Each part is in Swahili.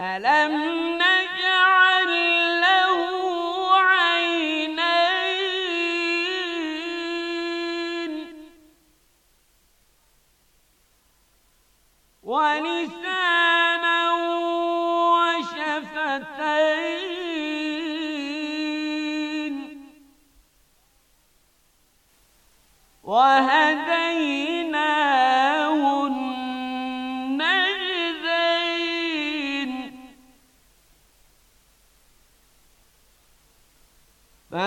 ألم عينين ولسانا وشفتين وهدى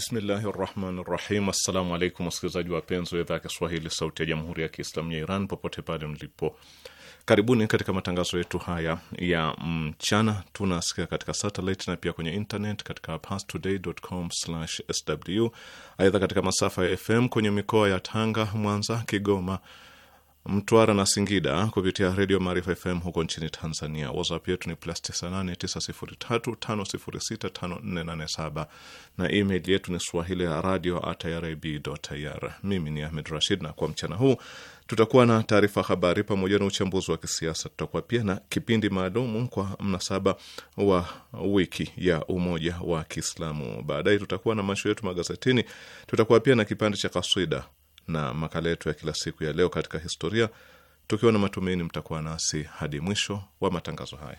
Bismillahi rahmani rahim. Assalamu alaikum wasikilizaji wapenzi wa idhaa ya Kiswahili sauti ya jamhuri ya Kiislamu ya Iran popote pale mlipo, karibuni katika matangazo yetu haya ya mchana. tunasikia katika satelit na pia kwenye internet katika pastoday.com/sw. Aidha, katika masafa ya FM kwenye mikoa ya Tanga, Mwanza, Kigoma Mtwara na Singida kupitia Redio Maarifa FM huko nchini Tanzania. WhatsApp yetu ni plus 989035065487 na email yetu ni swahili ya radio irib.ir. Mimi ni Ahmed Rashid, na kwa mchana huu tutakuwa na taarifa habari pamoja na uchambuzi wa kisiasa. Tutakuwa pia na kipindi maalumu kwa mnasaba wa wiki ya Umoja wa Kiislamu. Baadaye tutakuwa na maisho yetu magazetini. Tutakuwa pia na kipande cha kaswida na makala yetu ya kila siku ya leo katika historia, tukiwa na matumaini mtakuwa nasi hadi mwisho wa matangazo haya.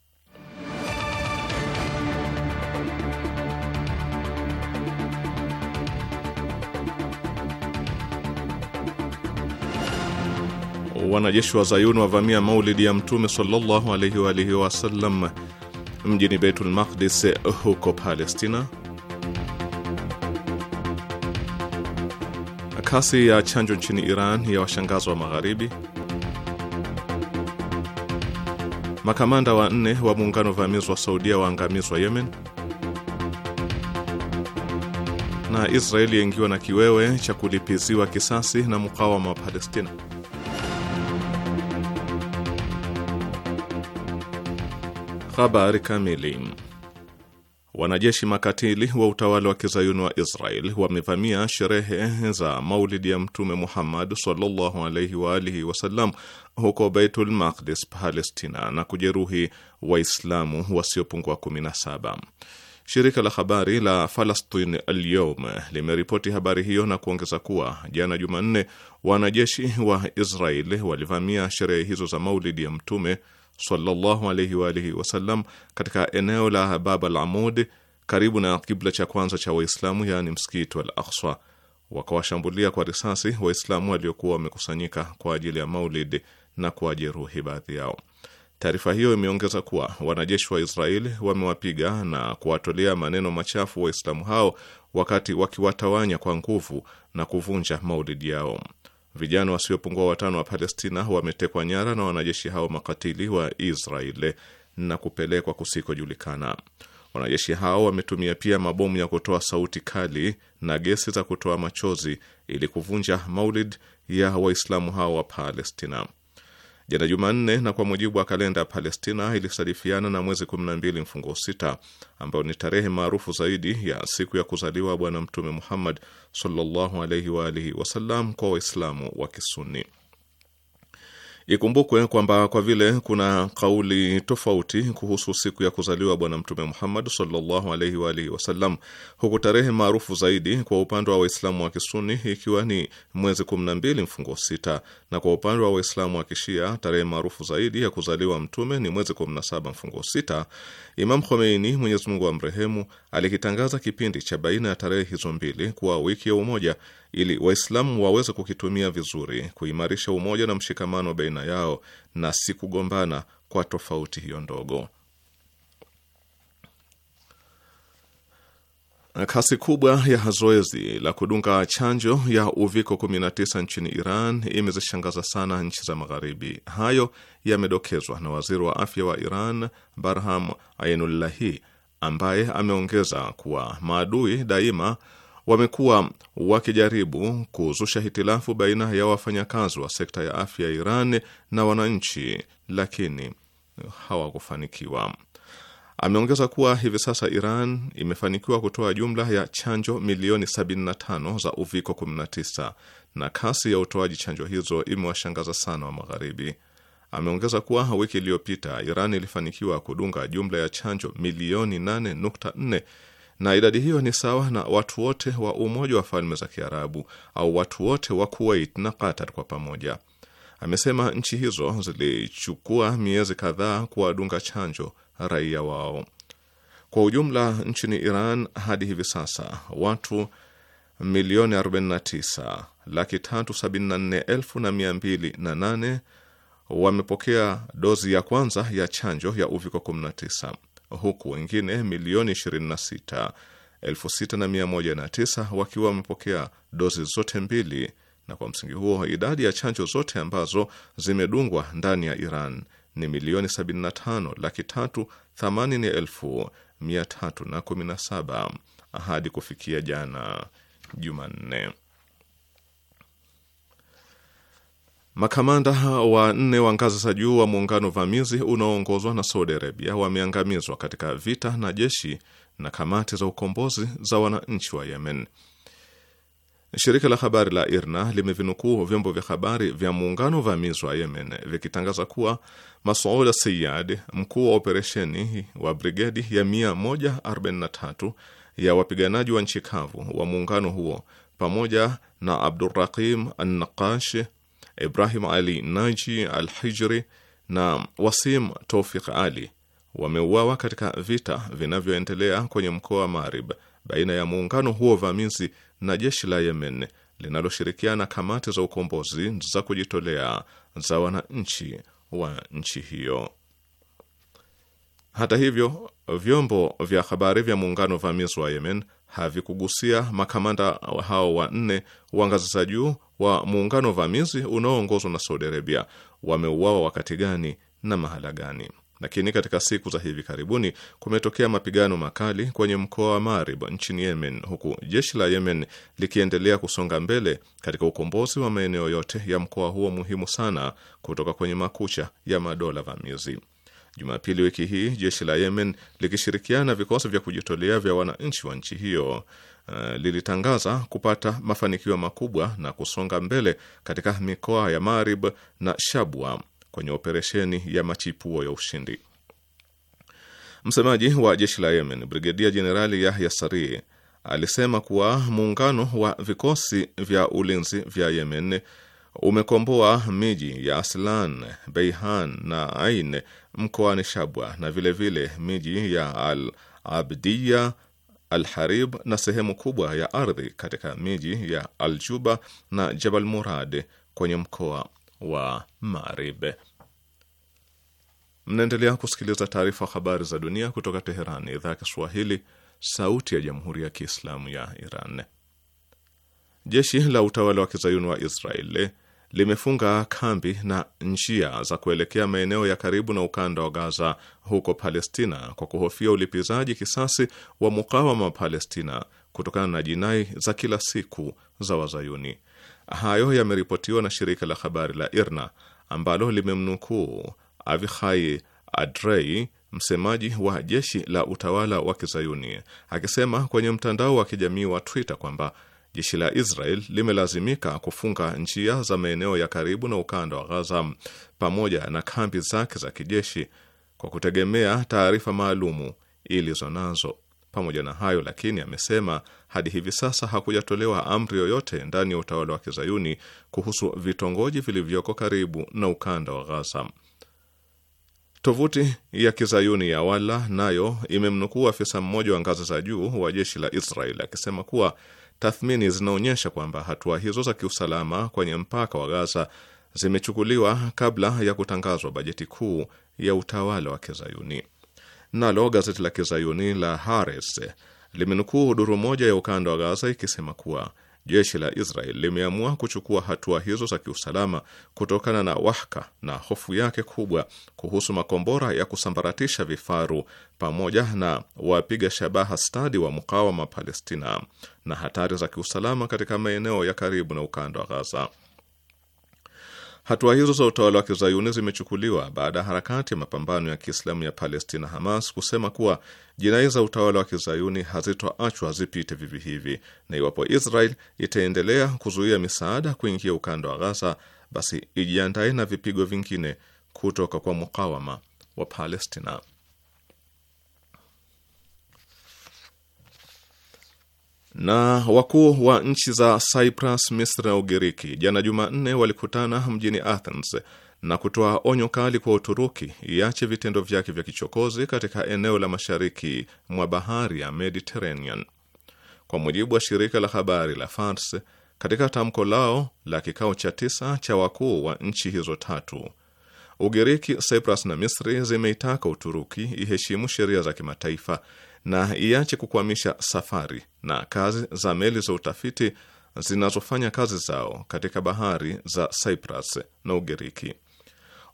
wanajeshi wa Zayuni wavamia maulidi ya Mtume sallallahu alaihi wa alihi wasallam mjini Beitul Maqdis huko Palestina. Kasi ya chanjo nchini Iran ya washangazo wa Magharibi. Makamanda wanne wa muungano vamizi wa Saudia waangamizwa Yemen. Na Israeli yaingiwa na kiwewe cha kulipiziwa kisasi na mkawama wa Palestina. Habari kamili. Wanajeshi makatili wa utawala wa kizayuni wa Israel wamevamia sherehe za maulidi ya Mtume Muhammad sallallahu alaihi wa alihi wasallam huko Baitul Maqdis, Palestina, na kujeruhi Waislamu wasiopungua 17. Shirika la habari la Falastin lyoum limeripoti habari hiyo na kuongeza kuwa jana Jumanne, wanajeshi wa Israel walivamia sherehe hizo za maulidi ya Mtume sallallahu alaihi wa alihi wasallam katika eneo la Bab al Amud karibu na kibla cha kwanza cha Waislamu, yaani msikiti wal Aqsa, wakawashambulia kwa risasi Waislamu waliokuwa wamekusanyika kwa ajili ya maulidi na kuwajeruhi baadhi yao. Taarifa hiyo imeongeza kuwa wanajeshi wa Israeli wamewapiga na kuwatolea maneno machafu Waislamu hao wakati wakiwatawanya kwa nguvu na kuvunja maulidi yao. Vijana wasiopungua watano wa Palestina wametekwa nyara na wanajeshi hao makatili wa Israeli na kupelekwa kusikojulikana. Wanajeshi hao wametumia pia mabomu ya kutoa sauti kali na gesi za kutoa machozi ili kuvunja maulid ya Waislamu hao wa Palestina jana Jumanne, na kwa mujibu wa kalenda ya Palestina ilisadifiana na mwezi 12 mfungo sita ambayo ni tarehe maarufu zaidi ya siku ya kuzaliwa Bwana Mtume Muhammad sallallahu alaihi wa alihi wasallam kwa Waislamu wa Kisuni. Ikumbukwe kwamba kwa vile kuna kauli tofauti kuhusu siku ya kuzaliwa Bwana Mtume Muhammad sallallahu alaihi wa alihi wasallam, huku tarehe maarufu zaidi kwa upande wa Waislamu wa Kisuni ikiwa ni mwezi 12 mfungo 6 na kwa upande wa Waislamu wa Kishia tarehe maarufu zaidi ya kuzaliwa Mtume ni mwezi 17 mfungo 6, Imam Khomeini, Mwenyezi Mungu amrehemu, alikitangaza kipindi cha baina ya tarehe hizo mbili kuwa wiki ya umoja ili Waislamu waweze kukitumia vizuri kuimarisha umoja na mshikamano baina yao na si kugombana kwa tofauti hiyo ndogo. Kasi kubwa ya zoezi la kudunga chanjo ya uviko 19 nchini Iran imezishangaza sana nchi za Magharibi. Hayo yamedokezwa na waziri wa afya wa Iran Barham Ainullahi, ambaye ameongeza kuwa maadui daima wamekuwa wakijaribu kuzusha hitilafu baina ya wafanyakazi wa sekta ya afya ya Iran na wananchi, lakini hawakufanikiwa. Ameongeza kuwa hivi sasa Iran imefanikiwa kutoa jumla ya chanjo milioni 75 za uviko 19 na kasi ya utoaji chanjo hizo imewashangaza sana wa Magharibi. Ameongeza kuwa wiki iliyopita Iran ilifanikiwa kudunga jumla ya chanjo milioni 8.4 na idadi hiyo ni sawa na watu wote wa Umoja wa Falme za Kiarabu au watu wote wa Kuwait na Qatar kwa pamoja. Amesema nchi hizo zilichukua miezi kadhaa kuwadunga chanjo raia wao. Kwa ujumla, nchini Iran hadi hivi sasa watu milioni 49 laki tatu wamepokea dozi ya kwanza ya chanjo ya uviko 19 huku wengine milioni 26,6109 wakiwa wamepokea dozi zote mbili, na kwa msingi huo idadi ya chanjo zote ambazo zimedungwa ndani ya Iran ni milioni 75 laki tatu themanini elfu mia tatu na kumi na saba hadi kufikia jana Jumanne. Makamanda wa nne wa ngazi za juu wa muungano vamizi unaoongozwa na Saudi Arabia wameangamizwa katika vita na jeshi na kamati za ukombozi za wananchi wa Yemen. Shirika la habari la IRNA limevinukuu vyombo vya habari vya muungano vamizi wa Yemen vikitangaza kuwa Masoud Sayad, mkuu wa operesheni wa brigedi ya 143 ya wapiganaji wa nchi kavu wa muungano huo, pamoja na Abdurraqim Annaqash Ibrahim Ali Naji al Hijri na Wasim Tofiq Ali wameuawa katika vita vinavyoendelea kwenye mkoa wa Marib baina ya muungano huo vamizi na jeshi la Yemen linaloshirikiana kamati za ukombozi za kujitolea za wananchi wa nchi hiyo. Hata hivyo, vyombo vya habari vya muungano vamizi wa Yemen havikugusia makamanda hao wanne wa ngazi za juu wa muungano vamizi unaoongozwa na Saudi Arabia wameuawa wakati gani na mahala gani. Lakini katika siku za hivi karibuni kumetokea mapigano makali kwenye mkoa wa Marib nchini Yemen, huku jeshi la Yemen likiendelea kusonga mbele katika ukombozi wa maeneo yote ya mkoa huo muhimu sana kutoka kwenye makucha ya madola vamizi. Jumapili wiki hii jeshi la Yemen likishirikiana na vikosi vya kujitolea vya wananchi wa nchi hiyo Uh, lilitangaza kupata mafanikio makubwa na kusonga mbele katika mikoa ya Marib na Shabwa kwenye operesheni ya machipuo ya ushindi. Msemaji wa jeshi la Yemen, Brigedia Jenerali Yahya Sari alisema kuwa muungano wa vikosi vya ulinzi vya Yemen umekomboa miji ya Aslan, Beihan na Ain mkoani Shabwa na vilevile vile miji ya Al Abdiya Alharib na sehemu kubwa ya ardhi katika miji ya Aljuba na Jabal Murad kwenye mkoa wa Marib. Mnaendelea kusikiliza taarifa habari za dunia kutoka Teheran, idhaa ya Kiswahili, sauti ya jamhuri ya kiislamu ya Iran. Jeshi la utawala wa kizayuni wa Israeli limefunga kambi na njia za kuelekea maeneo ya karibu na ukanda wa Gaza huko Palestina kwa kuhofia ulipizaji kisasi wa mukawama wa Palestina kutokana na jinai za kila siku za Wazayuni. Hayo yameripotiwa na shirika la habari la IRNA ambalo limemnukuu Avihai Adrei, msemaji wa jeshi la utawala wa Kizayuni, akisema kwenye mtandao wa kijamii wa Twitter kwamba jeshi la Israel limelazimika kufunga njia za maeneo ya karibu na ukanda wa Gaza pamoja na kambi zake za kijeshi kwa kutegemea taarifa maalumu ilizo nazo. Pamoja na hayo lakini, amesema hadi hivi sasa hakujatolewa amri yoyote ndani ya utawala wa kizayuni kuhusu vitongoji vilivyoko karibu na ukanda wa Gaza. Tovuti ya kizayuni ya Walla nayo imemnukuu afisa mmoja wa ngazi za juu wa jeshi la Israel akisema kuwa tathmini zinaonyesha kwamba hatua hizo za kiusalama kwenye mpaka wa Gaza zimechukuliwa kabla ya kutangazwa bajeti kuu ya utawala wa Kizayuni. Nalo gazeti la Kizayuni la Haaretz limenukuu duru moja ya ukanda wa Gaza ikisema kuwa jeshi la Israel limeamua kuchukua hatua hizo za kiusalama kutokana na wahaka na hofu yake kubwa kuhusu makombora ya kusambaratisha vifaru pamoja na wapiga shabaha stadi wa mkawama Palestina na hatari za kiusalama katika maeneo ya karibu na ukanda wa Gaza. Hatua hizo za utawala wa kizayuni zimechukuliwa baada ya harakati ya mapambano ya kiislamu ya Palestina, Hamas, kusema kuwa jinai za utawala wa kizayuni hazitoachwa zipite vivi hivi, na iwapo Israel itaendelea kuzuia misaada kuingia ukanda wa Ghaza, basi ijiandae na vipigo vingine kutoka kwa mukawama wa Palestina. Na wakuu wa nchi za Cyprus, Misri na Ugiriki jana Jumanne walikutana mjini Athens na kutoa onyo kali kwa Uturuki iache vitendo vyake vya kichokozi katika eneo la mashariki mwa bahari ya Mediterranean. Kwa mujibu wa shirika la habari la Fars, katika tamko lao la kikao cha tisa cha wakuu wa nchi hizo tatu, Ugiriki, Cyprus na Misri zimeitaka Uturuki iheshimu sheria za kimataifa na iache kukwamisha safari na kazi za meli za utafiti zinazofanya kazi zao katika bahari za Cyprus na Ugiriki.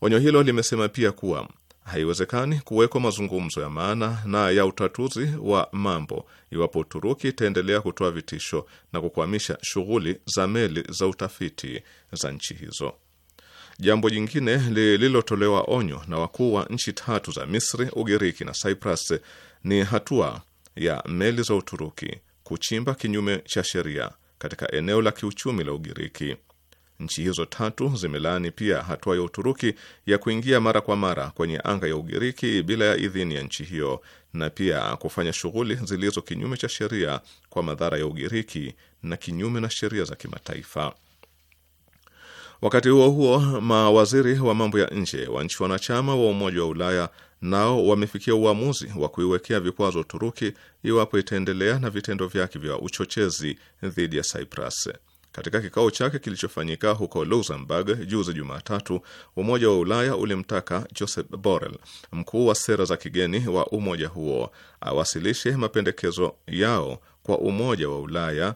Onyo hilo limesema pia kuwa haiwezekani kuwekwa mazungumzo ya maana na ya utatuzi wa mambo iwapo Uturuki itaendelea kutoa vitisho na kukwamisha shughuli za meli za utafiti za nchi hizo. Jambo jingine lililotolewa onyo na wakuu wa nchi tatu za Misri, Ugiriki na Cyprus ni hatua ya meli za Uturuki kuchimba kinyume cha sheria katika eneo la kiuchumi la Ugiriki. Nchi hizo tatu zimelaani pia hatua ya Uturuki ya kuingia mara kwa mara kwenye anga ya Ugiriki bila ya idhini ya nchi hiyo na pia kufanya shughuli zilizo kinyume cha sheria kwa madhara ya Ugiriki na kinyume na sheria za kimataifa. Wakati huo huo, mawaziri wa mambo ya nje wa nchi wanachama wa Umoja wa Ulaya nao wamefikia uamuzi wa kuiwekea vikwazo Uturuki iwapo itaendelea na vitendo vyake vya uchochezi dhidi ya Cyprus. Katika kikao chake kilichofanyika huko Luxembourg juzi Jumatatu, Umoja wa Ulaya ulimtaka Joseph Borrell, mkuu wa sera za kigeni wa umoja huo, awasilishe mapendekezo yao kwa Umoja wa Ulaya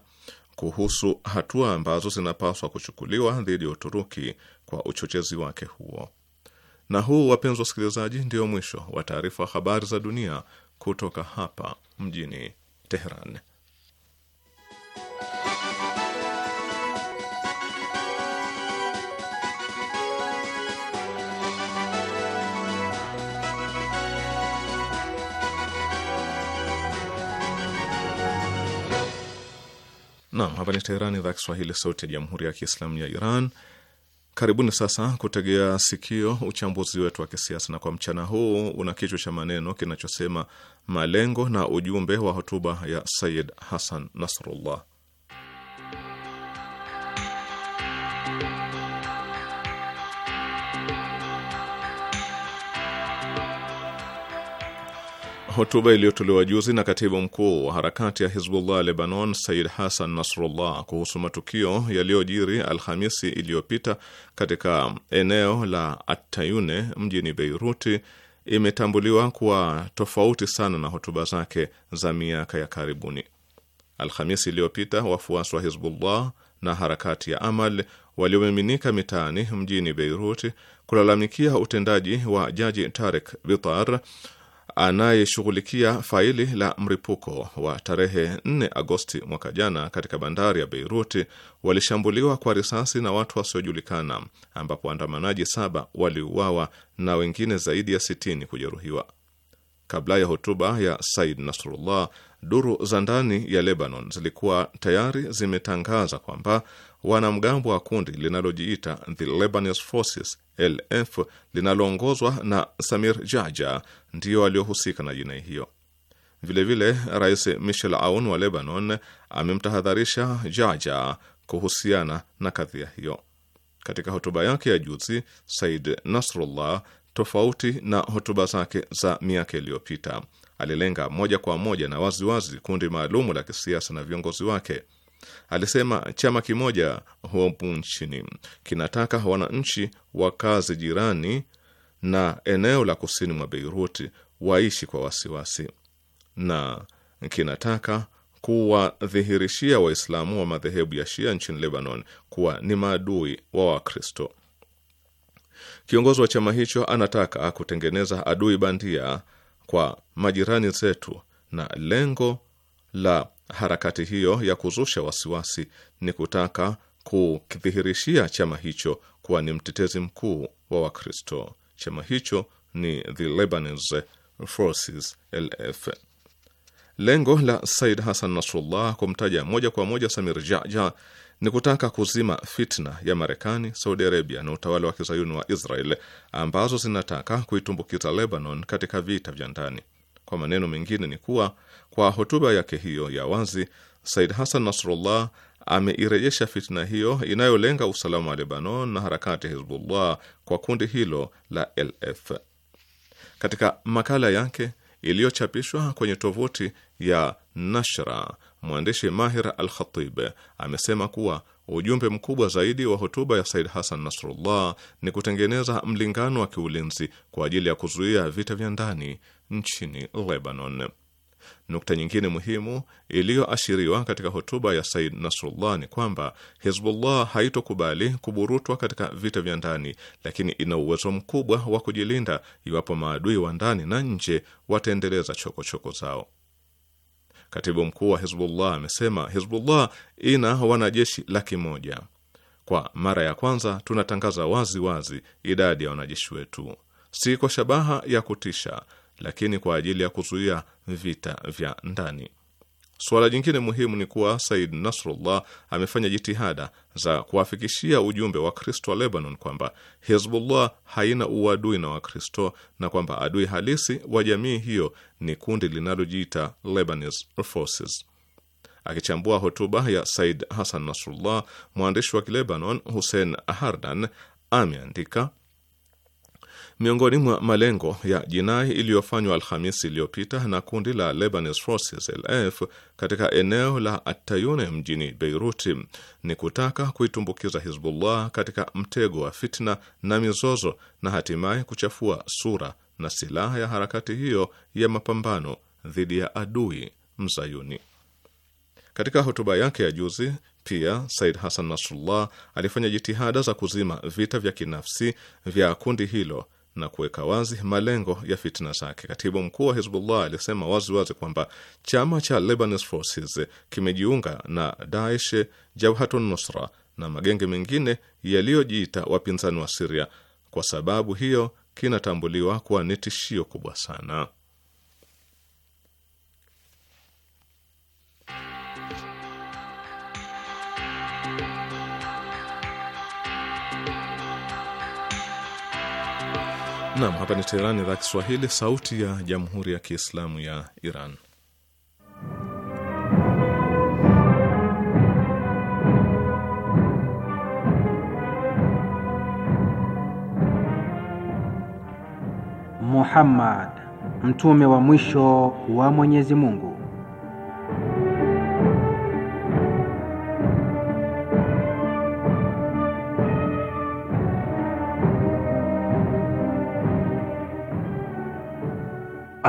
kuhusu hatua ambazo zinapaswa kuchukuliwa dhidi ya Uturuki kwa uchochezi wake huo. Na huu, wapenzi wasikilizaji, ndio mwisho wa taarifa habari za dunia kutoka hapa mjini Teheran. Naam, hapa ni Teherani, idhaa Kiswahili, sauti ya jamhuri ya kiislamu ya Iran. Karibuni sasa kutegea sikio uchambuzi wetu wa kisiasa, na kwa mchana huu una kichwa cha maneno kinachosema malengo na ujumbe wa hotuba ya Sayid Hassan Nasrullah. hotuba iliyotolewa juzi na katibu mkuu wa harakati ya Hizbullah Lebanon Said Hassan Nasrullah kuhusu matukio yaliyojiri Alhamisi iliyopita katika eneo la atayune mjini Beiruti imetambuliwa kuwa tofauti sana na hotuba zake za miaka ya karibuni. Alhamisi iliyopita wafuasi wa Hizbullah na harakati ya Amal waliomiminika mitaani mjini Beiruti kulalamikia utendaji wa jaji Tarik Bitar anayeshughulikia faili la mripuko wa tarehe 4 Agosti mwaka jana katika bandari ya Beiruti walishambuliwa kwa risasi na watu wasiojulikana, ambapo waandamanaji saba waliuawa na wengine zaidi ya 60 kujeruhiwa. Kabla ya hotuba ya Said Nasrullah, duru za ndani ya Lebanon zilikuwa tayari zimetangaza kwamba wanamgambo wa kundi linalojiita The Lebanese Forces LF linaloongozwa na Samir Jaja ndiyo aliyohusika na jinai hiyo. Vilevile vile, Rais Michel Aoun wa Lebanon amemtahadharisha Jaja kuhusiana na kadhia hiyo. Katika hotuba yake ya juzi, Said Nasrullah, tofauti na hotuba zake za miaka iliyopita, alilenga moja kwa moja na waziwazi wazi kundi maalumu la kisiasa na viongozi wake. Alisema chama kimoja humu nchini kinataka wananchi wakazi jirani na eneo la kusini mwa Beiruti waishi kwa wasiwasi na kinataka kuwadhihirishia Waislamu wa, wa madhehebu ya Shia nchini Lebanon kuwa ni maadui wa Wakristo. Kiongozi wa chama hicho anataka kutengeneza adui bandia kwa majirani zetu na lengo la Harakati hiyo ya kuzusha wasiwasi ni kutaka kukidhihirishia chama hicho kuwa ni mtetezi mkuu wa Wakristo. Chama hicho ni The Lebanese Forces LF. Lengo la Said Hassan Nasrullah kumtaja moja kwa moja Samir Jaja ni kutaka kuzima fitna ya Marekani, Saudi Arabia na utawala wa kizayuni wa Israel ambazo zinataka kuitumbukiza Lebanon katika vita vya ndani. Kwa maneno mengine ni kuwa kwa hotuba yake hiyo ya wazi, Said Hassan Nasrullah ameirejesha fitna hiyo inayolenga usalama wa Lebanon na harakati Hizbullah kwa kundi hilo la LF. Katika makala yake iliyochapishwa kwenye tovuti ya Nashra, mwandishi Mahir Al Khatib amesema kuwa Ujumbe mkubwa zaidi wa hotuba ya Said Hassan Nasrullah ni kutengeneza mlingano wa kiulinzi kwa ajili ya kuzuia vita vya ndani nchini Lebanon. Nukta nyingine muhimu iliyoashiriwa katika hotuba ya Said Nasrullah ni kwamba Hizbullah haitokubali kuburutwa katika vita vya ndani, lakini ina uwezo mkubwa wa kujilinda iwapo maadui wa ndani na nje wataendeleza chokochoko zao. Katibu mkuu wa Hizbullah amesema Hizbullah ina wanajeshi laki moja. Kwa mara ya kwanza tunatangaza wazi wazi idadi ya wanajeshi wetu, si kwa shabaha ya kutisha, lakini kwa ajili ya kuzuia vita vya ndani. Suala jingine muhimu ni kuwa Said Nasrullah amefanya jitihada za kuwafikishia ujumbe wa Kristo wa Lebanon kwamba Hizbullah haina uadui na Wakristo na kwamba adui halisi wa jamii hiyo ni kundi linalojiita Lebanese Forces. Akichambua hotuba ya Said Hassan Nasrullah, mwandishi wa Kilebanon Hussein Hardan ameandika Miongoni mwa malengo ya jinai iliyofanywa Alhamisi iliyopita na kundi la Lebanese Forces LF katika eneo la Atayune mjini Beiruti ni kutaka kuitumbukiza Hizbullah katika mtego wa fitna na mizozo na hatimaye kuchafua sura na silaha ya harakati hiyo ya mapambano dhidi ya adui mzayuni. Katika hotuba yake ya juzi pia Said Hassan Nasrullah alifanya jitihada za kuzima vita vya kinafsi vya kundi hilo na kuweka wazi malengo ya fitna zake. Katibu mkuu wa Hizbullah alisema waziwazi kwamba chama cha Lebanese Forces kimejiunga na Daesh, Jabhatun Nusra na magenge mengine yaliyojiita wapinzani wa Siria. Kwa sababu hiyo, kinatambuliwa kuwa ni tishio kubwa sana. Nam, hapa ni Teherani, idhaa Kiswahili, sauti ya jamhuri ya kiislamu ya Iran. Muhammad, mtume wa mwisho wa Mwenyezi Mungu.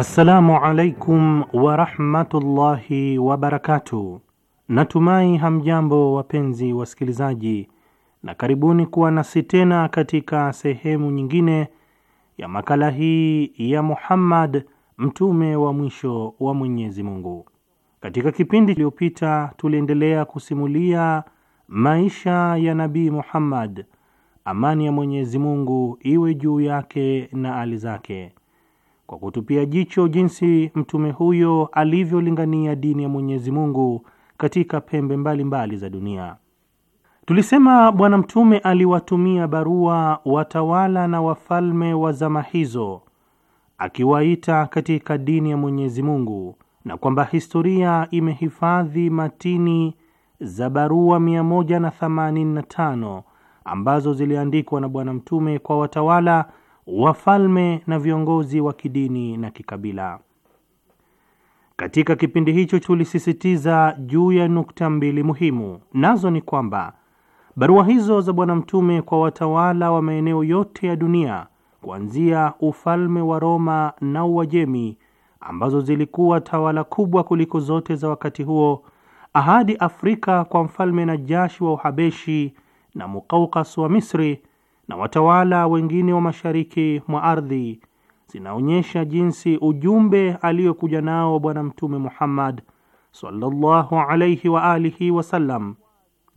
Assalamu alaikum warahmatullahi wabarakatu Natumai hamjambo wapenzi wasikilizaji, na karibuni kuwa nasi tena katika sehemu nyingine ya makala hii ya Muhammad mtume wa mwisho wa Mwenyezi Mungu. Katika kipindi kilichopita tuliendelea kusimulia maisha ya Nabii Muhammad, amani ya Mwenyezi Mungu iwe juu yake na ali zake kwa kutupia jicho jinsi mtume huyo alivyolingania dini ya Mwenyezi Mungu katika pembe mbalimbali mbali za dunia. Tulisema Bwana Mtume aliwatumia barua watawala na wafalme wa zama hizo akiwaita katika dini ya Mwenyezi Mungu na kwamba historia imehifadhi matini za barua 185 ambazo ziliandikwa na Bwana Mtume kwa watawala wafalme na viongozi wa kidini na kikabila. Katika kipindi hicho tulisisitiza juu ya nukta mbili muhimu, nazo ni kwamba barua hizo za Bwana Mtume kwa watawala wa maeneo yote ya dunia kuanzia ufalme wa Roma na Uajemi, ambazo zilikuwa tawala kubwa kuliko zote za wakati huo, ahadi Afrika kwa mfalme Najashi wa Uhabeshi na Mukaukas wa Misri na watawala wengine wa mashariki mwa ardhi zinaonyesha jinsi ujumbe aliyokuja nao Bwana Mtume Muhammad sallallahu alayhi wa alihi wasallam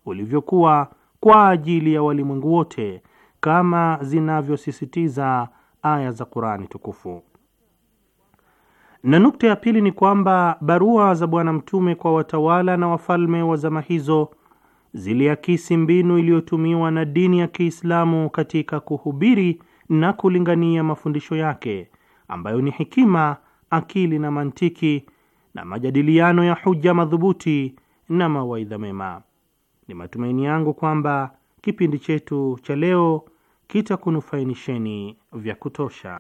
ulivyokuwa kwa ajili ya walimwengu wote kama zinavyosisitiza aya za Qur'ani tukufu. Na nukta ya pili ni kwamba barua za Bwana Mtume kwa watawala na wafalme wa zama hizo ziliakisi mbinu iliyotumiwa na dini ya Kiislamu katika kuhubiri na kulingania mafundisho yake ambayo ni hekima, akili na mantiki, na majadiliano ya hoja madhubuti na mawaidha mema. Ni matumaini yangu kwamba kipindi chetu cha leo kitakunufainisheni vya kutosha.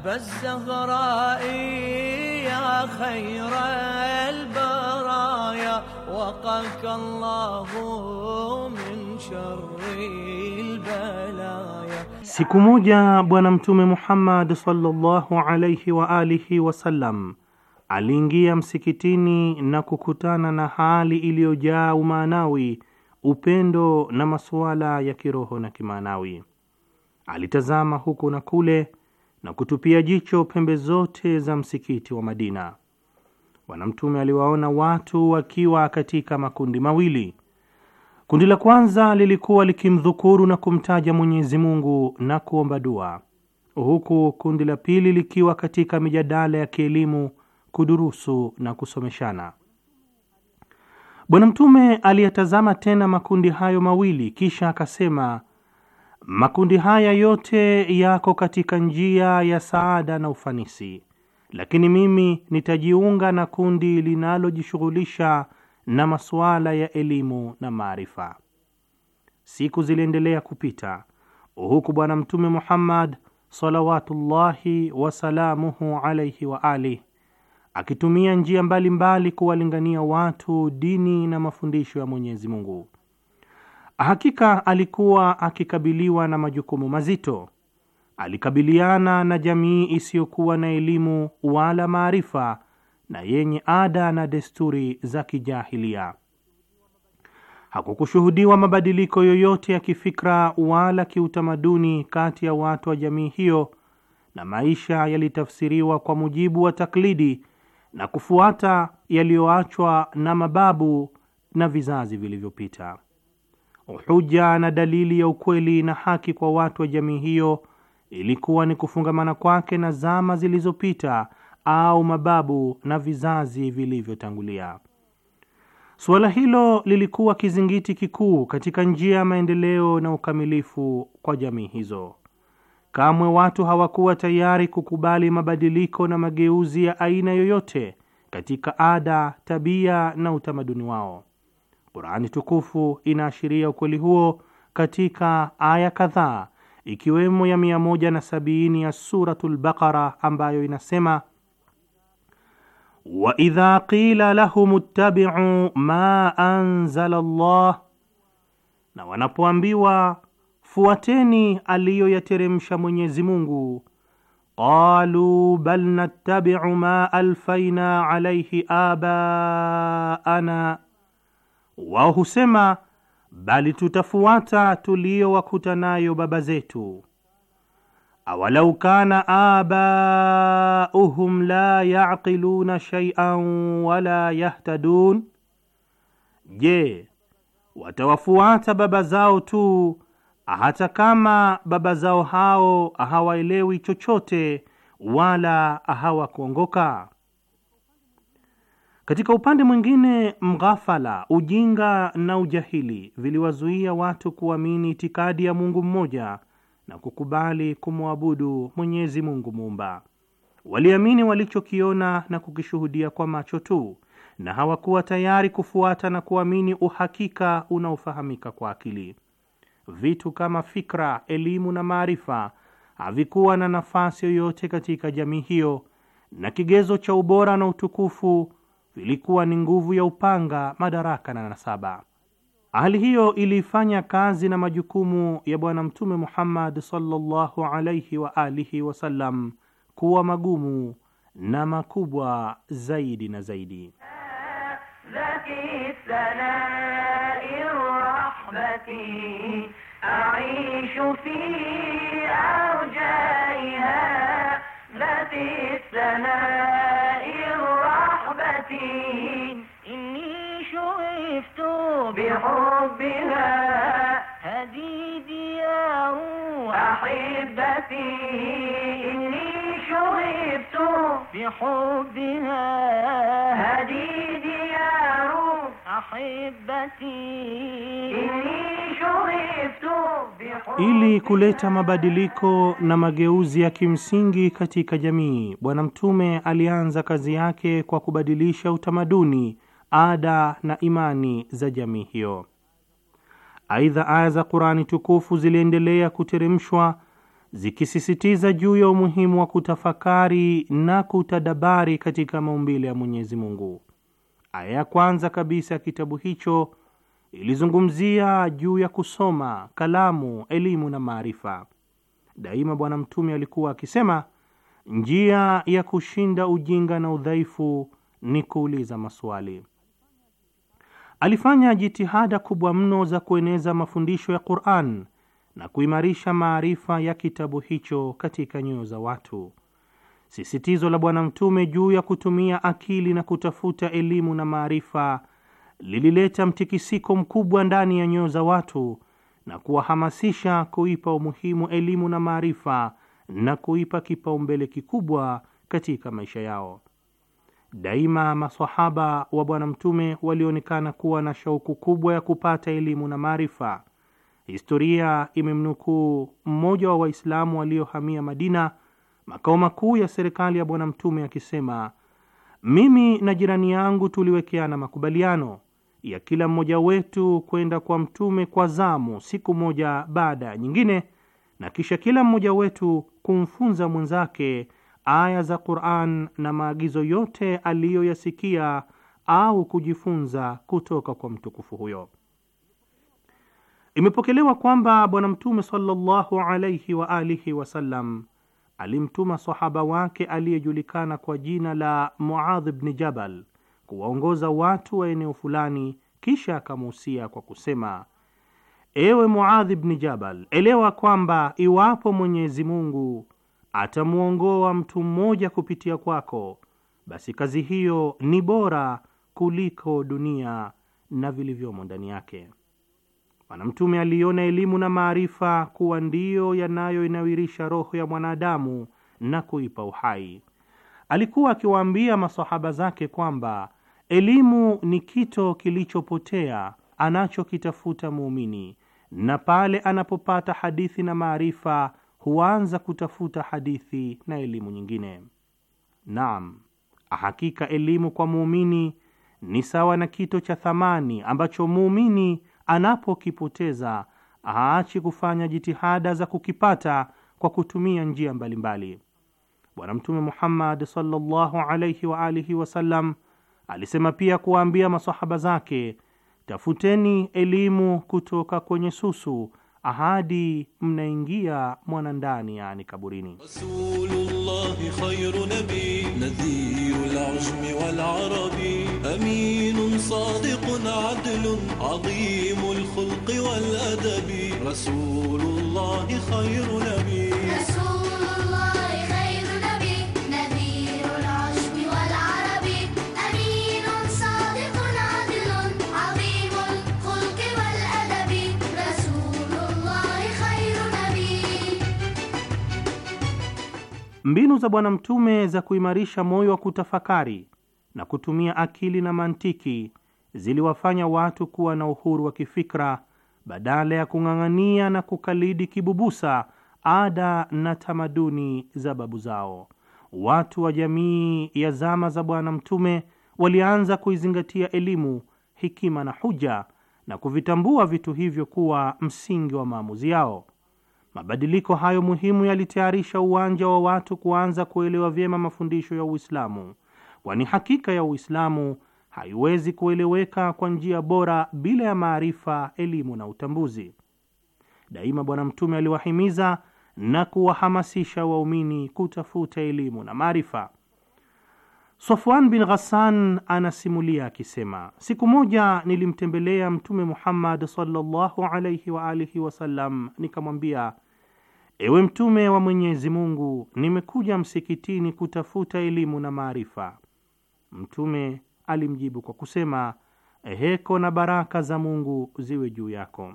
أبا الزهراء يا خير البرايا وقاك الله من شر البلايا Siku moja Bwana Mtume Muhammad sallallahu alayhi wa alihi wasallam aliingia msikitini na kukutana na hali iliyojaa umaanawi, upendo na masuala ya kiroho na kimaanawi. Alitazama huku na kule na kutupia jicho pembe zote za msikiti wa Madina. Bwana Mtume aliwaona watu wakiwa katika makundi mawili. Kundi la kwanza lilikuwa likimdhukuru na kumtaja Mwenyezi Mungu na kuomba dua, huku kundi la pili likiwa katika mijadala ya kielimu, kudurusu na kusomeshana. Bwana Mtume aliyatazama tena makundi hayo mawili, kisha akasema Makundi haya yote yako katika njia ya saada na ufanisi, lakini mimi nitajiunga na kundi linalojishughulisha na masuala ya elimu na maarifa. Siku ziliendelea kupita huku Bwana Mtume Muhammad salawatullahi wasalamuhu alaihi wa ali akitumia njia mbalimbali kuwalingania watu dini na mafundisho ya Mwenyezi Mungu. Hakika alikuwa akikabiliwa na majukumu mazito. Alikabiliana na jamii isiyokuwa na elimu wala maarifa na yenye ada na desturi za kijahilia. Hakukushuhudiwa mabadiliko yoyote ya kifikra wala kiutamaduni kati ya watu wa jamii hiyo, na maisha yalitafsiriwa kwa mujibu wa taklidi na kufuata yaliyoachwa na mababu na vizazi vilivyopita. Huja na dalili ya ukweli na haki kwa watu wa jamii hiyo ilikuwa ni kufungamana kwake na zama zilizopita au mababu na vizazi vilivyotangulia. Suala hilo lilikuwa kizingiti kikuu katika njia ya maendeleo na ukamilifu kwa jamii hizo. Kamwe watu hawakuwa tayari kukubali mabadiliko na mageuzi ya aina yoyote katika ada, tabia na utamaduni wao. Qurani tukufu inaashiria ukweli huo katika aya kadhaa ikiwemo ya 170 ya Suratul Baqara ambayo inasema wa idha qila lahum ittabi'u ma anzala Allah, na wanapoambiwa fuateni aliyoyateremsha Mwenyezi Mungu, qalu bal nattabi'u ma alfaina alayhi abaana wao husema bali tutafuata tuliyowakuta nayo baba zetu. Awalau kana abauhum la yaqiluna shay'an wala yahtadun, je, watawafuata baba zao tu hata kama baba zao hao hawaelewi chochote wala hawakuongoka? Katika upande mwingine, mghafala, ujinga na ujahili viliwazuia watu kuamini itikadi ya Mungu mmoja na kukubali kumwabudu Mwenyezi Mungu Muumba. Waliamini walichokiona na kukishuhudia kwa macho tu, na hawakuwa tayari kufuata na kuamini uhakika unaofahamika kwa akili. Vitu kama fikra, elimu na maarifa havikuwa na nafasi yoyote katika jamii hiyo, na kigezo cha ubora na utukufu vilikuwa ni nguvu ya upanga, madaraka na nasaba. Hali hiyo iliifanya kazi na majukumu ya Bwana Mtume Muhammad sallallahu alaihi wa alihi wasallam kuwa magumu na makubwa zaidi na zaidi. لذي السماء الرحبة إني شغفت بحبها هذه ديار أحبتي إني بحبها ديار Ili kuleta mabadiliko na mageuzi ya kimsingi katika jamii, Bwana Mtume alianza kazi yake kwa kubadilisha utamaduni, ada na imani za jamii hiyo. Aidha, aya za Kurani tukufu ziliendelea kuteremshwa zikisisitiza juu ya umuhimu wa kutafakari na kutadabari katika maumbile ya Mwenyezi Mungu. Aya ya kwanza kabisa ya kitabu hicho ilizungumzia juu ya kusoma, kalamu, elimu na maarifa. Daima Bwana Mtume alikuwa akisema, njia ya kushinda ujinga na udhaifu ni kuuliza maswali. Alifanya jitihada kubwa mno za kueneza mafundisho ya Qur'an na kuimarisha maarifa ya kitabu hicho katika nyoyo za watu. Sisitizo la Bwana Mtume juu ya kutumia akili na kutafuta elimu na maarifa lilileta mtikisiko mkubwa ndani ya nyoyo za watu na kuwahamasisha kuipa umuhimu elimu na maarifa na kuipa kipaumbele kikubwa katika maisha yao. Daima masahaba wa Bwana Mtume walionekana kuwa na shauku kubwa ya kupata elimu na maarifa. Historia imemnukuu mmoja wa Waislamu waliohamia Madina makao makuu ya serikali ya Bwana Mtume akisema, mimi na jirani yangu tuliwekeana makubaliano ya kila mmoja wetu kwenda kwa Mtume kwa zamu siku moja baada ya nyingine, na kisha kila mmoja wetu kumfunza mwenzake aya za Qur'an na maagizo yote aliyoyasikia au kujifunza kutoka kwa mtukufu huyo. Imepokelewa kwamba Bwana Mtume sallallahu alayhi wa alihi wasallam alimtuma sahaba wake aliyejulikana kwa jina la Muadh bni Jabal kuwaongoza watu wa eneo fulani, kisha akamuhusia kwa kusema, ewe Muadh bni Jabal, elewa kwamba iwapo Mwenyezi Mungu atamwongoa mtu mmoja kupitia kwako, basi kazi hiyo ni bora kuliko dunia na vilivyomo ndani yake. Bwana Mtume aliona elimu na maarifa kuwa ndiyo yanayoinawirisha roho ya mwanadamu na kuipa uhai. Alikuwa akiwaambia masahaba zake kwamba elimu ni kito kilichopotea anachokitafuta muumini, na pale anapopata hadithi na maarifa huanza kutafuta hadithi na elimu nyingine. Naam, hakika elimu kwa muumini ni sawa na kito cha thamani ambacho muumini anapokipoteza aachi kufanya jitihada za kukipata kwa kutumia njia mbalimbali. Bwana Mtume Muhammad sallallahu alayhi wa alihi wasallam alisema pia kuwaambia masahaba zake, tafuteni elimu kutoka kwenye susu ahadi mnaingia mwana ndani, yani kaburini. Rasulullah khairu nabi nadhirul azmi wal arabi amin صادق عدل عظيم الخلق والأدب رسول الله خير نبي رسول الله خير نبي نذير العجم والعرب أمين صادق عدل عظيم الخلق والأدب رسول الله خير نبي Mbinu za Bwana Mtume za kuimarisha moyo wa kutafakari na kutumia akili na mantiki ziliwafanya watu kuwa na uhuru wa kifikra badala ya kung'ang'ania na kukalidi kibubusa ada na tamaduni za babu zao. Watu wa jamii ya zama za Bwana Mtume walianza kuizingatia elimu, hikima na huja na kuvitambua vitu hivyo kuwa msingi wa maamuzi yao. Mabadiliko hayo muhimu yalitayarisha uwanja wa watu kuanza kuelewa vyema mafundisho ya Uislamu kwani hakika ya Uislamu haiwezi kueleweka kwa njia bora bila ya maarifa, elimu na utambuzi. Daima Bwana Mtume aliwahimiza na kuwahamasisha waumini kutafuta elimu na maarifa. sofwan bin Ghassan anasimulia akisema, siku moja nilimtembelea Mtume Muhammad sallallahu alayhi wa alihi wasallam, nikamwambia ewe Mtume wa Mwenyezi Mungu, nimekuja msikitini kutafuta elimu na maarifa Mtume alimjibu kwa kusema, heko na baraka za Mungu ziwe juu yako.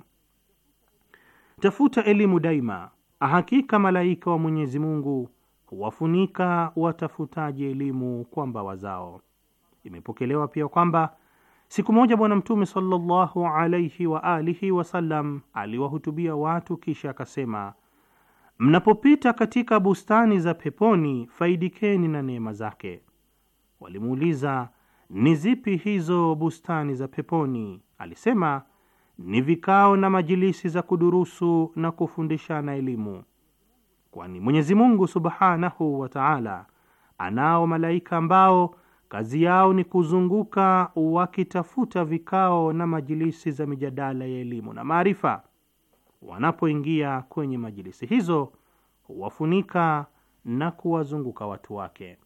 Tafuta elimu daima, hakika malaika wa Mwenyezi Mungu huwafunika watafutaji elimu kwa mbawa zao. Imepokelewa pia kwamba siku moja Bwana Mtume sallallahu alaihi wa alihi wasallam aliwahutubia watu, kisha akasema, mnapopita katika bustani za peponi faidikeni na neema zake Walimuuliza, ni zipi hizo bustani za peponi? Alisema, ni vikao na majilisi za kudurusu na kufundishana elimu, kwani Mwenyezi Mungu subhanahu wa taala anao malaika ambao kazi yao ni kuzunguka wakitafuta vikao na majilisi za mijadala ya elimu na maarifa. Wanapoingia kwenye majilisi hizo huwafunika na kuwazunguka watu wake.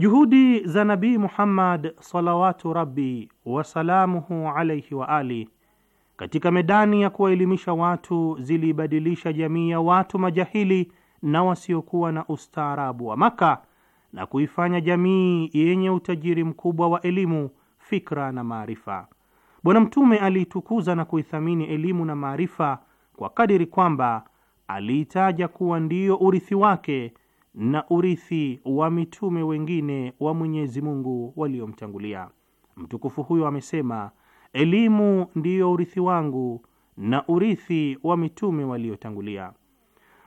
Juhudi za Nabii Muhammad salawatu rabbi wasalamuhu alaihi wa ali katika medani ya kuwaelimisha watu ziliibadilisha jamii ya watu majahili na wasiokuwa na ustaarabu wa Maka na kuifanya jamii yenye utajiri mkubwa wa elimu, fikra na maarifa. Bwana Mtume aliitukuza na kuithamini elimu na maarifa kwa kadiri kwamba aliitaja kuwa ndiyo urithi wake na urithi wa mitume wengine wa Mwenyezi Mungu waliomtangulia. Mtukufu huyo amesema, elimu ndiyo urithi wangu na urithi wa mitume waliotangulia.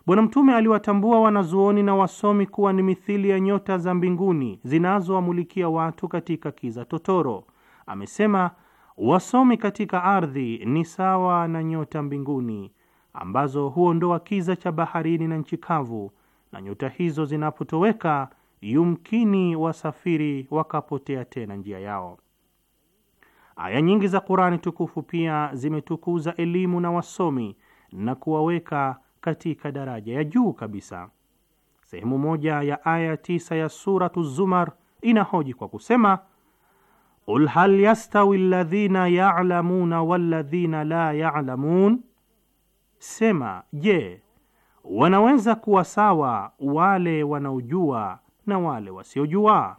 Bwana Mtume aliwatambua wanazuoni na wasomi kuwa ni mithili ya nyota za mbinguni zinazowamulikia watu katika kiza totoro. Amesema wasomi katika ardhi ni sawa na nyota mbinguni ambazo huondoa kiza cha baharini na nchi kavu na nyota hizo zinapotoweka, yumkini wasafiri wakapotea tena njia yao. Aya nyingi za Kurani tukufu pia zimetukuza elimu na wasomi na kuwaweka katika daraja ya juu kabisa. Sehemu moja ya aya tisa ya Suratu Zumar inahoji kwa kusema Qul hal yastawi alladhina ya'lamuna walladhina la ya'lamun, sema je, wanaweza kuwa sawa wale wanaojua na wale wasiojua.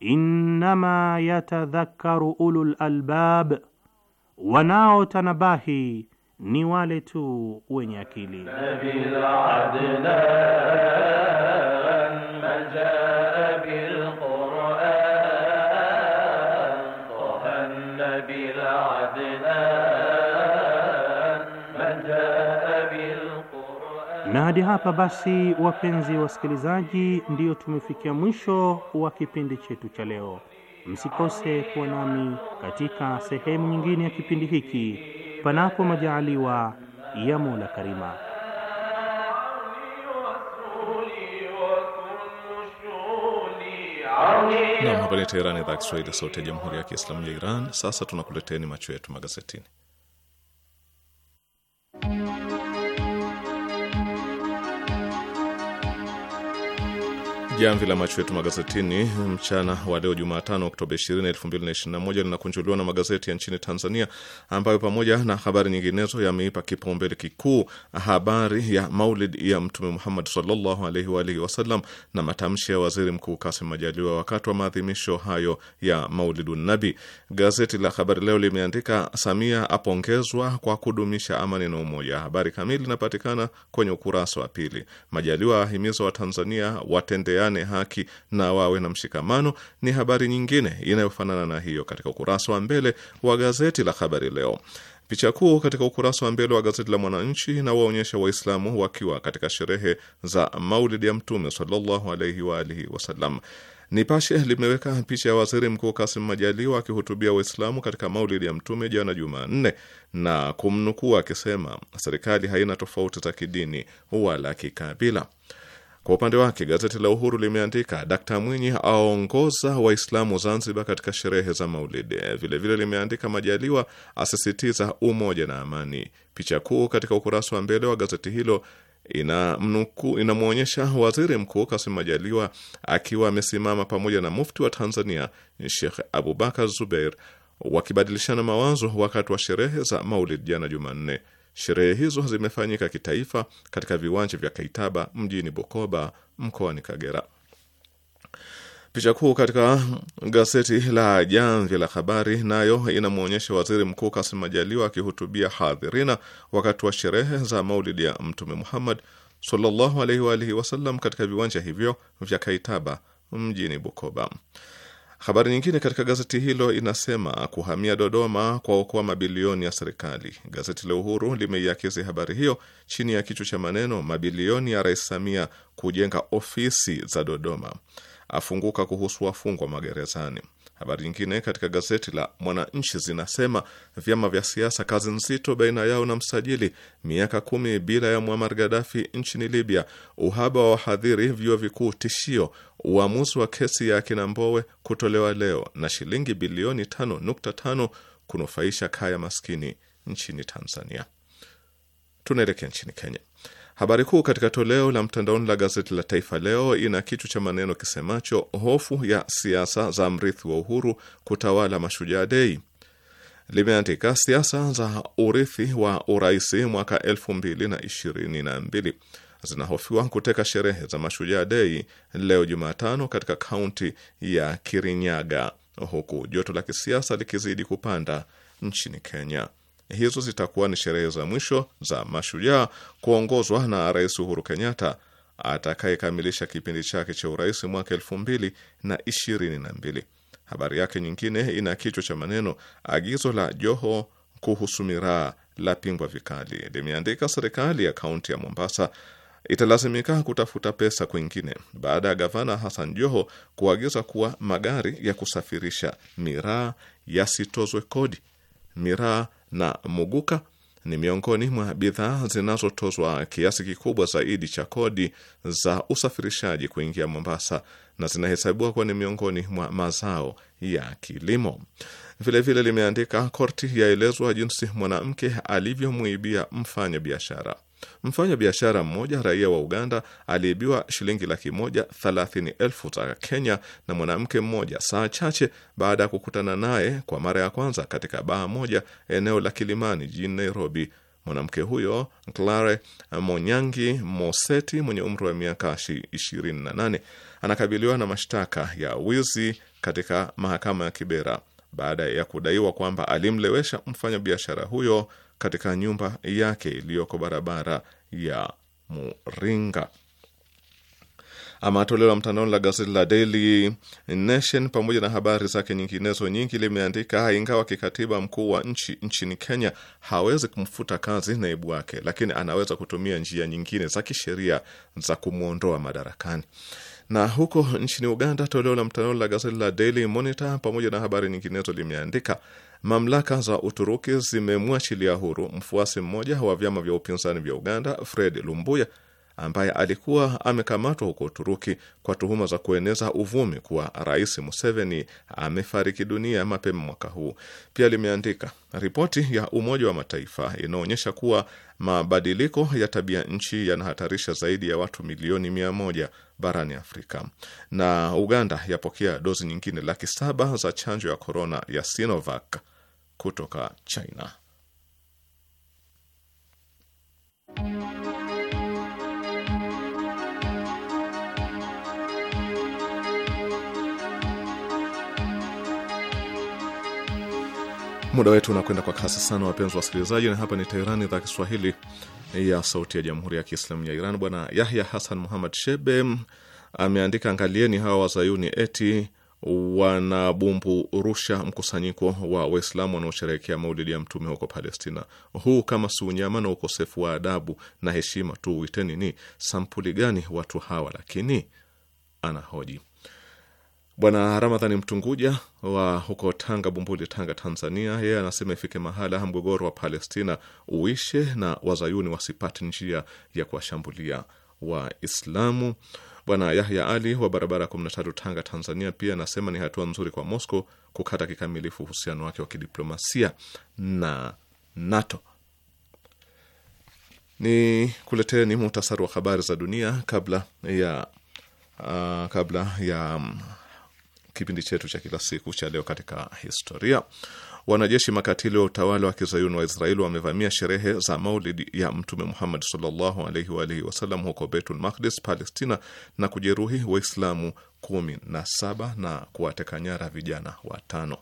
Innama yatadhakkaru ulul albab, wanaotanabahi ni wale tu wenye akili. Na hadi hapa basi, wapenzi wasikilizaji, ndiyo tumefikia mwisho wa kipindi chetu cha leo. Msikose kuwa nami katika sehemu nyingine ya kipindi hiki, panapo majaaliwa ya Mola Karima. Nam, hapa ni Teherani, idhaa Kiswahili, sauti ya jamhuri ya kiislamu ya Iran. Sasa tunakuleteni macho yetu magazetini. Jamvi la macho yetu magazetini mchana wa leo Jumatano, Oktoba 20, 2021 linakunjuliwa na magazeti ya nchini Tanzania ambayo pamoja na habari nyinginezo yameipa kipaumbele kikuu habari ya maulid ya Mtume Muhammad sallallahu alaihi wa alihi wasallam na matamshi ya Waziri Mkuu Kasim Majaliwa wakati wa maadhimisho hayo ya maulidu nabi. Gazeti la Habari Leo limeandika Samia apongezwa kwa kudumisha amani na umoja. Habari kamili inapatikana kwenye ukurasa wa pili. Majaliwa ahimiza Watanzania watendea watendane haki na wawe na mshikamano ni habari nyingine inayofanana na hiyo katika ukurasa wa mbele wa gazeti la Habari Leo. Picha kuu katika ukurasa wa mbele wa gazeti la Mwananchi inawaonyesha Waislamu wakiwa katika sherehe za maulidi ya Mtume sallallahu alaihi wa alihi wasallam. Nipashe limeweka picha ya waziri mkuu Kasim Majaliwa akihutubia Waislamu katika maulidi ya Mtume jana Jumanne na kumnukuu akisema serikali haina tofauti za kidini wala kikabila. Kwa upande wake gazeti la Uhuru limeandika Dkt Mwinyi aongoza Waislamu Zanzibar katika sherehe za Maulidi. Vilevile limeandika Majaliwa asisitiza umoja na amani. Picha kuu katika ukurasa wa mbele wa gazeti hilo inamwonyesha ina Waziri Mkuu Kasim Majaliwa akiwa amesimama pamoja na mufti wa Tanzania shekh Abubakar Zubeir wakibadilishana mawazo wakati wa sherehe za Maulid jana Jumanne. Sherehe hizo zimefanyika kitaifa katika viwanja vya Kaitaba mjini Bukoba mkoani Kagera. Picha kuu katika gazeti la Jamvi la Habari nayo inamwonyesha Waziri Mkuu Kassim Majaliwa akihutubia hadhirina wakati wa sherehe za maulidi ya Mtume Muhammad sallallahu alaihi wa alihi wasallam katika viwanja hivyo vya Kaitaba mjini Bukoba. Habari nyingine katika gazeti hilo inasema kuhamia Dodoma kwa okoa mabilioni ya serikali. Gazeti la Uhuru limeiakisi habari hiyo chini ya kichwa cha maneno mabilioni ya Rais Samia kujenga ofisi za Dodoma, afunguka kuhusu wafungwa magerezani. Habari nyingine katika gazeti la Mwananchi zinasema vyama vya siasa kazi nzito baina yao na msajili, miaka kumi bila ya Muammar Gaddafi nchini Libya, uhaba wa wahadhiri vyuo vikuu tishio, uamuzi wa kesi ya akina Mbowe kutolewa leo, na shilingi bilioni 5.5 kunufaisha kaya maskini nchini Tanzania. Tunaelekea nchini Kenya. Habari kuu katika toleo la mtandaoni la gazeti la Taifa Leo ina kichwa cha maneno kisemacho hofu ya siasa za mrithi wa Uhuru kutawala Mashujaa Dei. Limeandika siasa za urithi wa uraisi mwaka elfu mbili na ishirini na mbili zinahofiwa kuteka sherehe za Mashujaa Dei leo Jumatano katika kaunti ya Kirinyaga, huku joto la kisiasa likizidi kupanda nchini Kenya hizo zitakuwa ni sherehe za mwisho za mashujaa kuongozwa na Rais Uhuru Kenyatta atakayekamilisha kipindi chake cha urais mwaka elfu mbili na ishirini na mbili. Habari yake nyingine ina kichwa cha maneno agizo la Joho kuhusu miraa la pingwa vikali. Limeandika serikali ya kaunti ya Mombasa italazimika kutafuta pesa kwingine baada ya gavana Hassan Joho kuagiza kuwa magari ya kusafirisha miraa yasitozwe kodi. Miraa na Muguka ni miongoni mwa bidhaa zinazotozwa kiasi kikubwa zaidi cha kodi za usafirishaji kuingia Mombasa na zinahesabiwa kuwa ni miongoni mwa mazao ya kilimo. Vilevile limeandika korti yaelezwa jinsi mwanamke alivyomwibia mfanya biashara Mfanya biashara mmoja raia wa Uganda aliibiwa shilingi laki moja thelathini elfu za Kenya na mwanamke mmoja saa chache baada ya kukutana naye kwa mara ya kwanza katika baa moja eneo la Kilimani jijini Nairobi. Mwanamke huyo Clare Monyangi Moseti mwenye umri wa miaka 28 anakabiliwa na mashtaka ya wizi katika mahakama ya Kibera baada ya kudaiwa kwamba alimlewesha mfanyabiashara huyo katika nyumba yake iliyoko barabara ya Muringa. Ama toleo la mtandaoni la gazeti la Daily Nation pamoja na habari zake nyinginezo nyingi limeandika, ingawa kikatiba mkuu wa nchi nchini Kenya hawezi kumfuta kazi naibu wake, lakini anaweza kutumia njia nyingine za kisheria za kumwondoa madarakani. Na huko nchini Uganda, toleo la mtandao la gazeti la Daily Monitor pamoja na habari nyinginezo limeandika mamlaka za Uturuki zimemwachilia huru mfuasi mmoja wa vyama vya upinzani vya Uganda, Fred Lumbuya, ambaye alikuwa amekamatwa huko Uturuki kwa tuhuma za kueneza uvumi kuwa Rais Museveni amefariki dunia mapema mwaka huu. Pia limeandika ripoti ya Umoja wa Mataifa inaonyesha kuwa Mabadiliko ya tabia nchi yanahatarisha zaidi ya watu milioni mia moja barani Afrika. Na Uganda yapokea dozi nyingine laki saba za chanjo ya korona ya Sinovac kutoka China. Muda wetu unakwenda kwa kasi sana, wapenzi wasikilizaji, na hapa ni Teherani, idhaa Kiswahili ya Sauti ya Jamhuri ya Kiislamu ya Iran. Bwana Yahya Hassan Muhammad Shebe ameandika, angalieni hawa wazayuni eti rusha mkusanyiko wa Waislamu wanaosherehekea maulidi ya Mtume huko Palestina. Huu kama si unyama na ukosefu wa adabu na heshima tu uiteni ni sampuli gani watu hawa? Lakini anahoji Bwana Ramadhani Mtunguja wa huko Tanga, Bumbuli, Tanga, Tanzania, yeye yeah, anasema ifike mahala mgogoro wa Palestina uishe na wazayuni wasipate njia ya kuwashambulia Waislamu. Bwana Yahya Ali wa barabara 13 Tanga, Tanzania, pia anasema ni hatua nzuri kwa Moscow kukata kikamilifu uhusiano wake wa kidiplomasia na NATO. Ni ni muhtasari wa habari za dunia kabla ya uh, kabla ya um, kipindi chetu cha kila siku cha leo katika historia. Wanajeshi makatili wa utawala wa kizayuni wa Israeli wamevamia sherehe za maulidi ya Mtume Muhammad sallallahu alaihi wa alihi wasallam huko Beitul Makdis, Palestina, na kujeruhi Waislamu kumi na saba na kuwateka nyara vijana watano.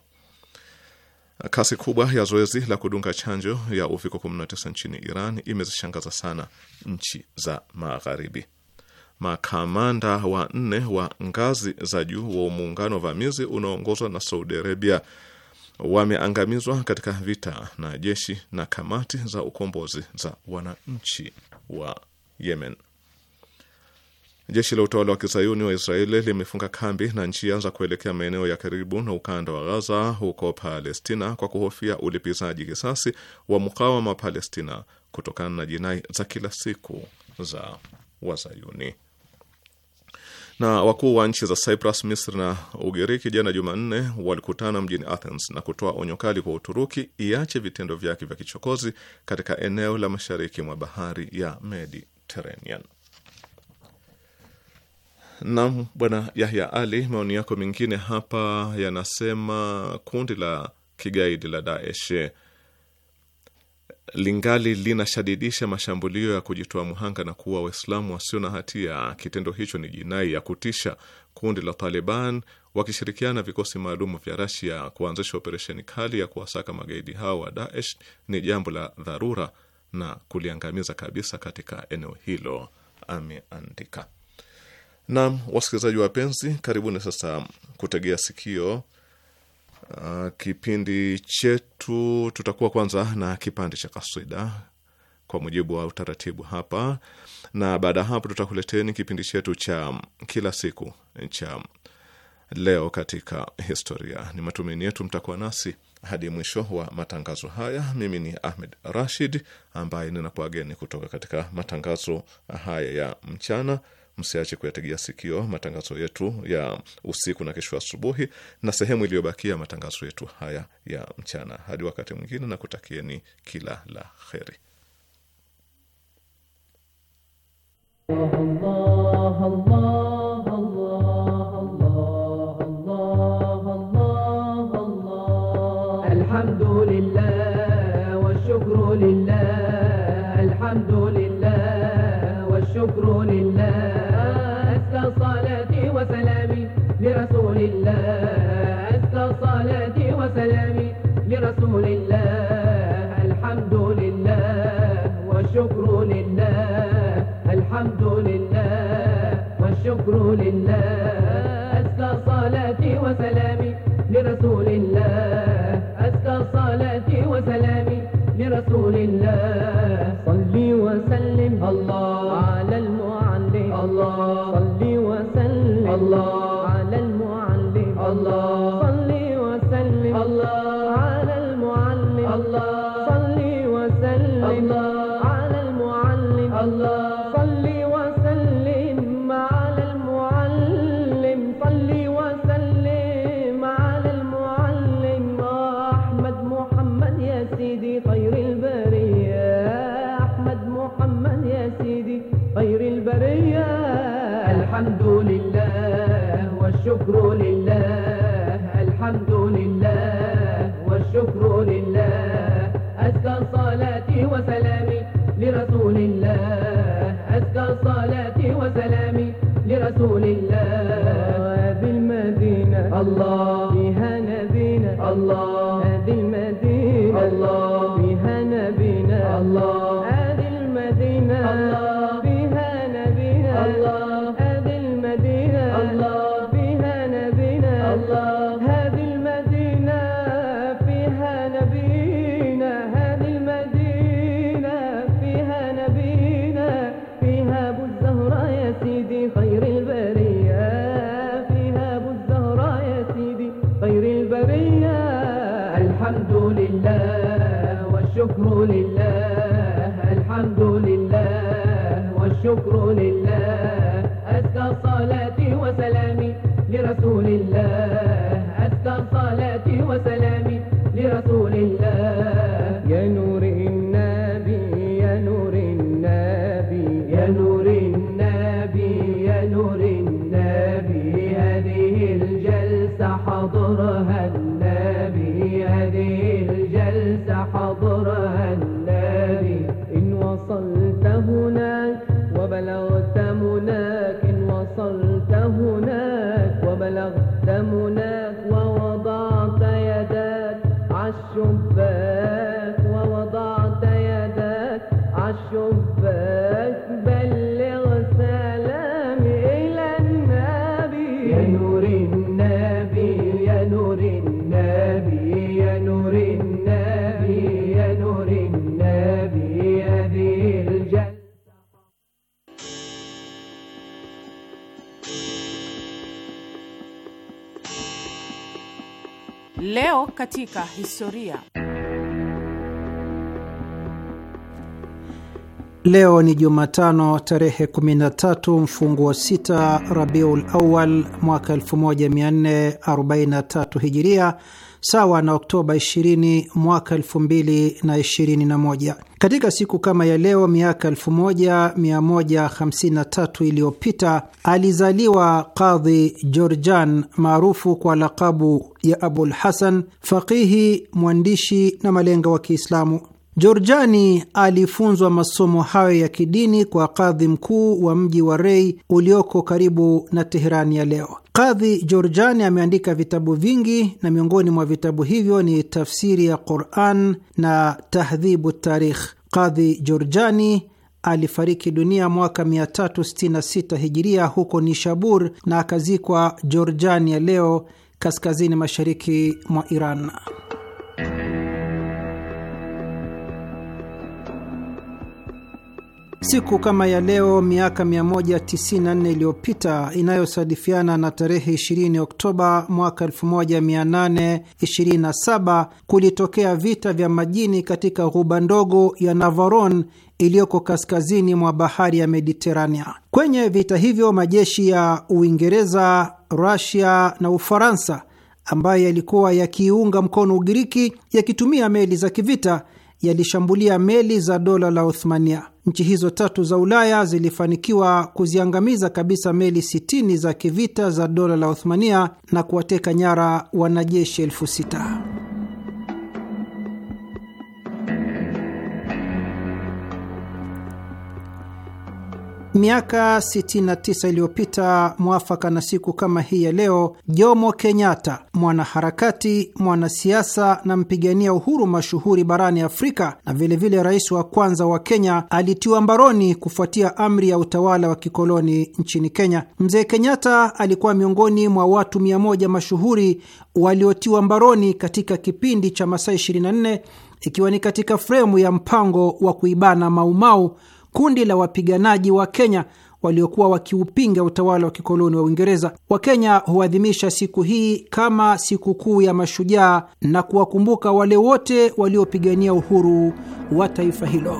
Kasi kubwa ya zoezi la kudunga chanjo ya uviko 19 nchini Iran imezishangaza sana nchi za Magharibi makamanda wa nne wa ngazi za juu wa muungano wa vamizi unaoongozwa na Saudi Arabia wameangamizwa katika vita na jeshi na kamati za ukombozi za wananchi wa Yemen. Jeshi la utawala wa kizayuni wa Israeli limefunga kambi na njia za kuelekea maeneo ya karibu na ukanda wa Ghaza huko Palestina kwa kuhofia ulipizaji kisasi wa mukawama wa Palestina kutokana na jinai za kila siku za Wazayuni. Na wakuu wa nchi za Cyprus, Misri na Ugiriki jana Jumanne walikutana mjini Athens na kutoa onyo kali kwa Uturuki iache vitendo vyake vya kichokozi katika eneo la mashariki mwa bahari ya Mediterranean. Naam, Bwana Yahya Ali, maoni yako mengine hapa yanasema kundi la kigaidi la Daesh lingali linashadidisha mashambulio ya kujitoa muhanga na kuua Waislamu wasio na hatia. Kitendo hicho ni jinai ya kutisha. Kundi la Taliban wakishirikiana vikosi maalum vya Rasia kuanzisha operesheni kali ya kuwasaka magaidi hao wa Daesh ni jambo la dharura na kuliangamiza kabisa katika eneo hilo, ameandika. Naam, wasikilizaji wapenzi, karibuni sasa kutegea sikio uh, kipindi chetu tutakuwa kwanza na kipande cha kaswida kwa mujibu wa utaratibu hapa, na baada ya hapo tutakuleteni kipindi chetu cha kila siku cha leo katika historia. Ni matumaini yetu mtakuwa nasi hadi mwisho wa matangazo haya. Mimi ni Ahmed Rashid ambaye ninakuageni kutoka katika matangazo haya ya mchana. Msiache kuyategea sikio matangazo yetu ya usiku na kesho asubuhi na sehemu iliyobakia matangazo yetu haya ya mchana. Hadi wakati mwingine, na kutakieni kila la kheri. Allah, Allah. الشكر لله أزكى صلاتي وسلامي لرسول الله أزكى صلاتي وسلامي لرسول الله حضرها Katika historia Leo ni Jumatano tarehe 13 mfungu wa sita Rabiul Awal mwaka 1443 Hijiria, sawa na Oktoba 20 mwaka 2021. Katika siku kama ya leo miaka 1153 iliyopita alizaliwa Qadhi Jorjan maarufu kwa lakabu ya Abul Hasan, faqihi, mwandishi na malenga wa Kiislamu. Jorjani alifunzwa masomo hayo ya kidini kwa kadhi mkuu wa mji wa Rei ulioko karibu na Teherani ya leo. Kadhi Jorjani ameandika vitabu vingi na miongoni mwa vitabu hivyo ni tafsiri ya Quran na tahdhibu tarikh. Kadhi Jorjani alifariki dunia mwaka 366 hijiria huko Nishabur na akazikwa Jorjani ya leo, kaskazini mashariki mwa Iran. Siku kama ya leo miaka 194 iliyopita inayosadifiana na tarehe 20 Oktoba mwaka 1827 kulitokea vita vya majini katika ghuba ndogo ya Navaron iliyoko kaskazini mwa bahari ya Mediterania. Kwenye vita hivyo majeshi ya Uingereza, Rusia na Ufaransa ambayo yalikuwa yakiiunga mkono Ugiriki yakitumia meli za kivita yalishambulia meli za dola la Uthmania. Nchi hizo tatu za Ulaya zilifanikiwa kuziangamiza kabisa meli 60 za kivita za dola la Uthmania na kuwateka nyara wanajeshi elfu sita. Miaka 69 iliyopita mwafaka na siku kama hii ya leo, Jomo Kenyatta, mwanaharakati, mwanasiasa na mpigania uhuru mashuhuri barani Afrika na vilevile rais wa kwanza wa Kenya, alitiwa mbaroni kufuatia amri ya utawala wa kikoloni nchini Kenya. Mzee Kenyatta alikuwa miongoni mwa watu mia moja mashuhuri waliotiwa mbaroni katika kipindi cha masaa 24 ikiwa ni katika fremu ya mpango wa kuibana Maumau kundi la wapiganaji wa Kenya waliokuwa wakiupinga utawala wa kikoloni wa Uingereza. Wakenya huadhimisha siku hii kama sikukuu ya mashujaa na kuwakumbuka wale wote waliopigania uhuru wa taifa hilo.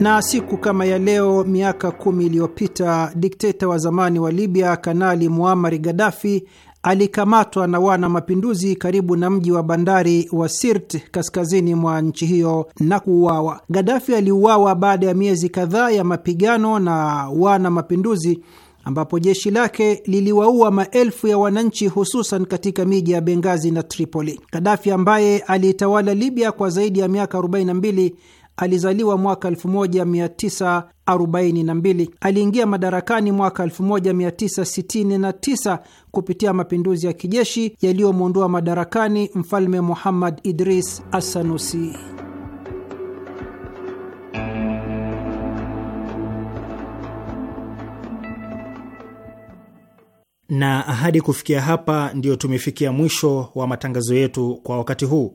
Na siku kama ya leo miaka kumi iliyopita dikteta wa zamani wa Libya Kanali muamari Gadafi alikamatwa na wana mapinduzi karibu na mji wa bandari wa Sirte kaskazini mwa nchi hiyo na kuuawa. Gaddafi aliuawa baada ya miezi kadhaa ya mapigano na wana mapinduzi ambapo jeshi lake liliwaua maelfu ya wananchi hususan katika miji ya Bengazi na Tripoli. gadafi ambaye aliitawala Libya kwa zaidi ya miaka 42 Alizaliwa mwaka 1942. Aliingia madarakani mwaka 1969 kupitia mapinduzi ya kijeshi yaliyomwondoa madarakani mfalme Muhammad Idris Asanusi. Na ahadi kufikia hapa, ndiyo tumefikia mwisho wa matangazo yetu kwa wakati huu.